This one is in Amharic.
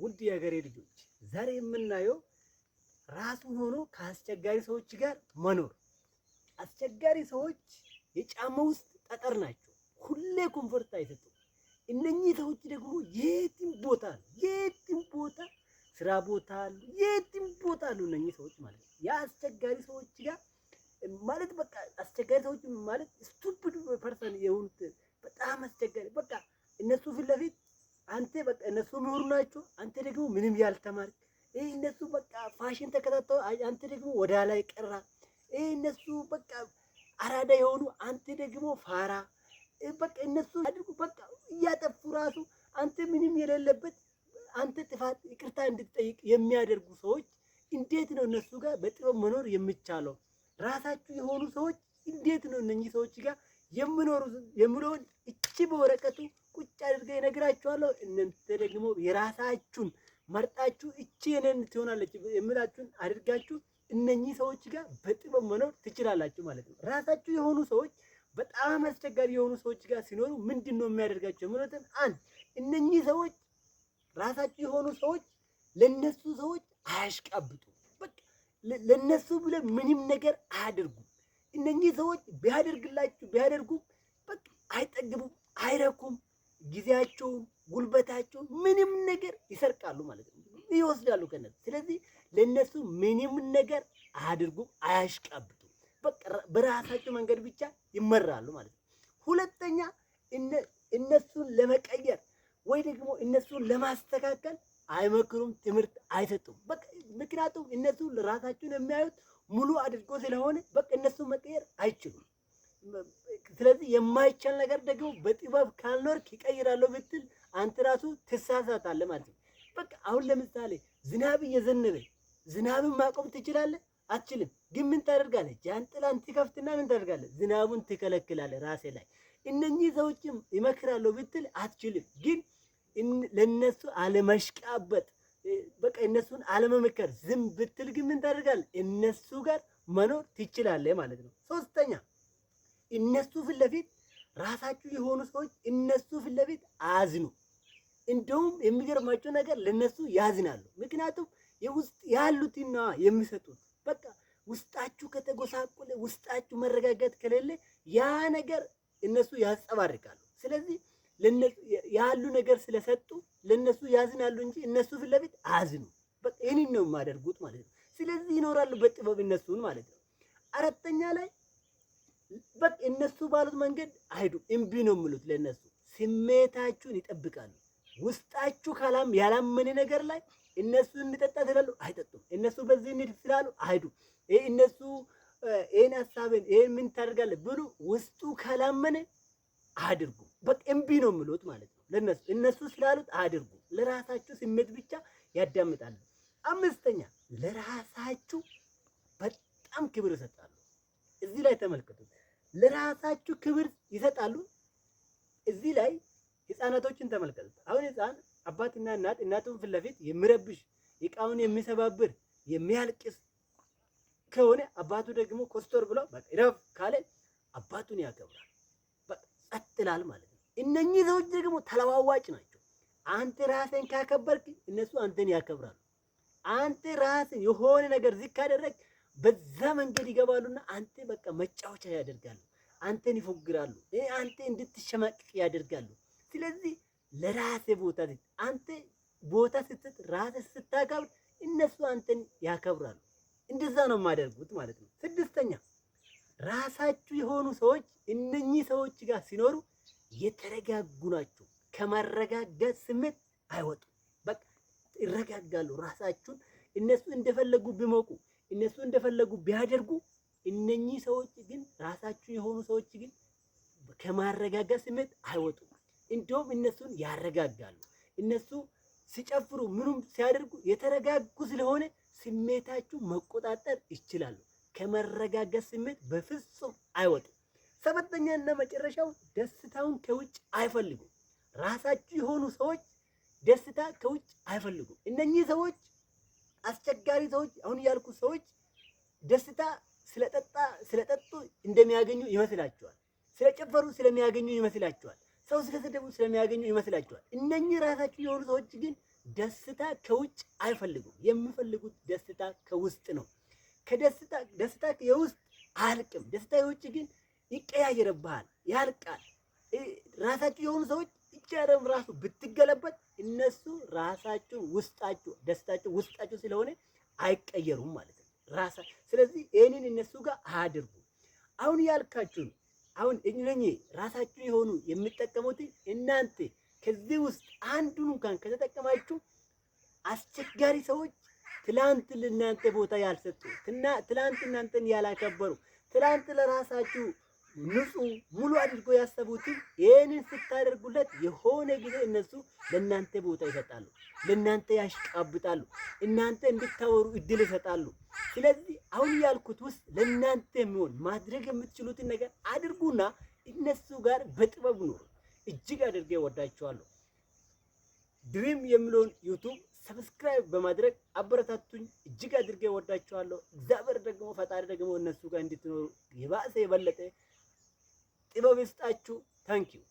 ውድ የሀገሬ ልጆች ዛሬ የምናየው ራሱ ሆኖ ከአስቸጋሪ ሰዎች ጋር መኖር። አስቸጋሪ ሰዎች የጫማ ውስጥ ጠጠር ናቸው። ሁሌ ኮንፈርት አይሰጡም። እነኚህ ሰዎች ደግሞ የትም ቦታ የትም ቦታ ስራ ቦታ አሉ፣ የትም ቦታ አሉ። እነኚህ ሰዎች ማለት ነው የአስቸጋሪ ሰዎች ጋር ማለት በቃ አስቸጋሪ ሰዎች ማለት ስቱፒድ ፐርሰን የሆኑት በጣም አስቸጋሪ በቃ እነሱ ፊት ለፊት አንተ በቃ እነሱ ምሁር ናቸው፣ አንተ ደግሞ ምንም ያልተማር ይህ እነሱ በቃ ፋሽን ተከታተው፣ አንተ ደግሞ ወዳ ላይ ቀራ። ይህ እነሱ በቃ አራዳ የሆኑ አንተ ደግሞ ፋራ። በቃ እነሱ አድርጉ በቃ እያጠፉ ራሱ አንተ ምንም የሌለበት አንተ ጥፋት ይቅርታ እንድትጠይቅ የሚያደርጉ ሰዎች እንዴት ነው እነሱ ጋር በጥበብ መኖር የሚቻለው? ራሳችሁ የሆኑ ሰዎች እንዴት ነው እነኚህ ሰዎች ጋር የምኖሩ የምለውን እቺ በወረቀቱ ቁጭ አድርገ ይነግራችኋለሁ። እናንተ ደግሞ የራሳችሁን መርጣችሁ እቺ የኔን ትሆናለች የምላችሁን አድርጋችሁ እነኚህ ሰዎች ጋር በጥበብ መኖር ትችላላችሁ ማለት ነው። ራሳችሁ የሆኑ ሰዎች በጣም አስቸጋሪ የሆኑ ሰዎች ጋር ሲኖሩ ምንድን ነው የሚያደርጋቸው የሚሉትን አንድ እነኚህ ሰዎች ራሳችሁ የሆኑ ሰዎች ለነሱ ሰዎች አያሽቃብጡ። በቃ ለነሱ ብለ ምንም ነገር አያደርጉ እነኚህ ሰዎች ቢያደርግላችሁ ቢያደርጉ በቃ አይጠግቡም፣ አይረኩም። ጊዜያቸውን፣ ጉልበታቸውን ምንም ነገር ይሰርቃሉ ማለት ነው፣ ይወስዳሉ ከነሱ። ስለዚህ ለእነሱ ምንም ነገር አያደርጉም፣ በቃ በራሳቸው መንገድ ብቻ ይመራሉ ማለት ነው። ሁለተኛ እነሱን ለመቀየር ወይ ደግሞ እነሱን ለማስተካከል አይመክሩም፣ ትምህርት አይሰጡም። በቃ ምክንያቱም እነሱ ራሳቸውን የሚያዩት ሙሉ አድርጎ ስለሆነ በቃ እነሱ መቀየር አይችሉም። ስለዚህ የማይቻል ነገር ደግሞ በጥበብ ካልኖርክ ይቀይራለሁ ብትል አንተ ራሱ ትሳሳታለህ ማለት ነው። በቃ አሁን ለምሳሌ ዝናብ እየዘነበ ዝናብን ማቆም ትችላለህ? አትችልም። ግን ምን ታደርጋለህ? ጃንጥላን ትከፍትና ምን ታደርጋለህ? ዝናቡን ትከለክላለህ ራሴ ላይ። እነኚህ ሰዎችም ይመክራለሁ ብትል አትችልም ግን ለእነሱ አለመሽቃበጥ፣ በቃ እነሱን አለመመከር። ዝም ብትል ግን ምን ታደርጋለህ? እነሱ ጋር መኖር ትችላለህ ማለት ነው። ሶስተኛ እነሱ ፊት ለፊት ራሳችሁ የሆኑ ሰዎች እነሱ ፊት ለፊት አዝኑ። እንደውም የሚገርማቸው ነገር ለነሱ ያዝናሉ። ምክንያቱም የውስጥ ያሉትና የሚሰጡት በቃ ውስጣችሁ ከተጎሳቆለ ውስጣችሁ መረጋጋት ከሌለ ያ ነገር እነሱ ያንጸባርቃሉ። ስለዚህ ያሉ ነገር ስለሰጡ ለነሱ ያዝናሉ እንጂ እነሱ ፊት ለፊት አዝኑ። በቃ ይህንን ነው የማደርጉት ማለት ነው። ስለዚህ ይኖራሉ በጥበብ እነሱን ማለት ነው። አራተኛ ላይ በቃ እነሱ ባሉት መንገድ አይዱ እምቢ ነው የምሉት። ለነሱ። ስሜታችሁን ይጠብቃሉ። ውስጣችሁ ካላም ያላመነ ነገር ላይ እነሱ እንጠጣ ትላሉ አይጠጡም። እነሱ በዚህ እንሂድ ስላሉ አይዱ ይህ እነሱ ይህን ሀሳብን ይህን ምን ታደርጋለህ ብሉ ውስጡ ካላመነ አድርጉ። በቃ እምቢ ነው የምሉት ማለት ነው። ለነሱ እነሱ ስላሉት አድርጉ። ለራሳችሁ ስሜት ብቻ ያዳምጣሉ። አምስተኛ ለራሳችሁ በጣም ክብር ይሰጣሉ። እዚህ ላይ ተመልከቱ። ለራሳችሁ ክብር ይሰጣሉ። እዚህ ላይ ህፃናቶችን ተመልከቱት። አሁን ህፃን አባትና እናት እናቱን ፊት ለፊት የሚረብሽ እቃውን የሚሰባብር የሚያልቅስ ከሆነ አባቱ ደግሞ ኮስተር ብሎ በቃ ረፍ ካለ አባቱን ያከብራል። በቃ ጸጥ ይላል ማለት ነው። እነኚህ ሰዎች ደግሞ ተለዋዋጭ ናቸው። አንተ ራስን ካከበርክ እነሱ አንተን ያከብራሉ። አንተ ራስን የሆነ ነገር ዝቅ ካደረግ በዛ መንገድ ይገባሉና አንተ በቃ መጫወቻ ያደርጋሉ። አንተን ይፎግራሉ። አንተ እንድትሸማቅቅ ያደርጋሉ። ስለዚህ ለራሴ ቦታ አንተ ቦታ ስትት ራስህ ስታከብር እነሱ አንተን ያከብራሉ። እንደዛ ነው የማደርጉት ማለት ነው። ስድስተኛ ራሳችሁ የሆኑ ሰዎች እነኚህ ሰዎች ጋር ሲኖሩ የተረጋጉ ናቸው። ከማረጋጋት ስሜት አይወጡም። በቃ ይረጋጋሉ። ራሳችሁን እነሱ እንደፈለጉ ቢሞቁ፣ እነሱ እንደፈለጉ ቢያደርጉ፣ እነኚህ ሰዎች ግን ራሳችሁ የሆኑ ሰዎች ግን ከማረጋጋት ስሜት አይወጡም። እንዲሁም እነሱን ያረጋጋሉ። እነሱ ሲጨፍሩ ምኑም ሲያደርጉ የተረጋጉ ስለሆነ ስሜታችሁ መቆጣጠር ይችላሉ። ከመረጋጋት ስሜት በፍጹም አይወጡም። ሰባተኛ እና መጨረሻው ደስታውን ከውጭ አይፈልጉም። ራሳቸው የሆኑ ሰዎች ደስታ ከውጭ አይፈልጉም። እነኚህ ሰዎች አስቸጋሪ ሰዎች፣ አሁን ያልኩ ሰዎች ደስታ ስለጠጣ ስለጠጡ እንደሚያገኙ ይመስላቸዋል። ስለጨፈሩ ስለሚያገኙ ይመስላቸዋል። ሰው ስለሰደቡ ስለሚያገኙ ይመስላቸዋል። እነኚህ ራሳቸው የሆኑ ሰዎች ግን ደስታ ከውጭ አይፈልጉም። የሚፈልጉት ደስታ ከውስጥ ነው። ከደስታ ደስታ የውስጥ አያልቅም። ደስታ የውጭ ግን ይቀያየርብሃል፣ ያልቃል። ራሳችሁ የሆኑ ሰዎች ይቻረም ራሱ ብትገለበት እነሱ ራሳችሁ ውስጣችሁ ደስታችሁ ውስጣችሁ ስለሆነ አይቀየሩም ማለት ነው። ራሳ ስለዚህ ይህንን እነሱ ጋር አድርጉ። አሁን ያልካችሁን አሁን እነኚህ ራሳችሁ የሆኑ የምጠቀሙት እናንተ ከዚህ ውስጥ አንዱን እንኳን ከተጠቀማችሁ አስቸጋሪ ሰዎች ትላንት ለእናንተ ቦታ ያልሰጡ፣ ትላንት እናንተን ያላከበሩ፣ ትላንት ለራሳችሁ ንጹህ ሙሉ አድርጎ ያሰቡትን ይህንን ስታደርጉለት የሆነ ጊዜ እነሱ ለእናንተ ቦታ ይሰጣሉ፣ ለእናንተ ያሽቃብጣሉ፣ እናንተ እንድታወሩ እድል ይሰጣሉ። ስለዚህ አሁን ያልኩት ውስጥ ለእናንተ የሚሆን ማድረግ የምትችሉትን ነገር አድርጉና እነሱ ጋር በጥበብ ኑሩ። እጅግ አድርጌ ወዳችኋለሁ። ድሪም የሚለውን ዩቱብ ሰብስክራይብ በማድረግ አበረታቱኝ። እጅግ አድርጌ ወዳችኋለሁ። እግዚአብሔር ደግሞ ፈጣሪ ደግሞ እነሱ ጋር እንድትኖሩ የባሰ የበለጠ ጥበብ ይስጣችሁ። ታንኪዩ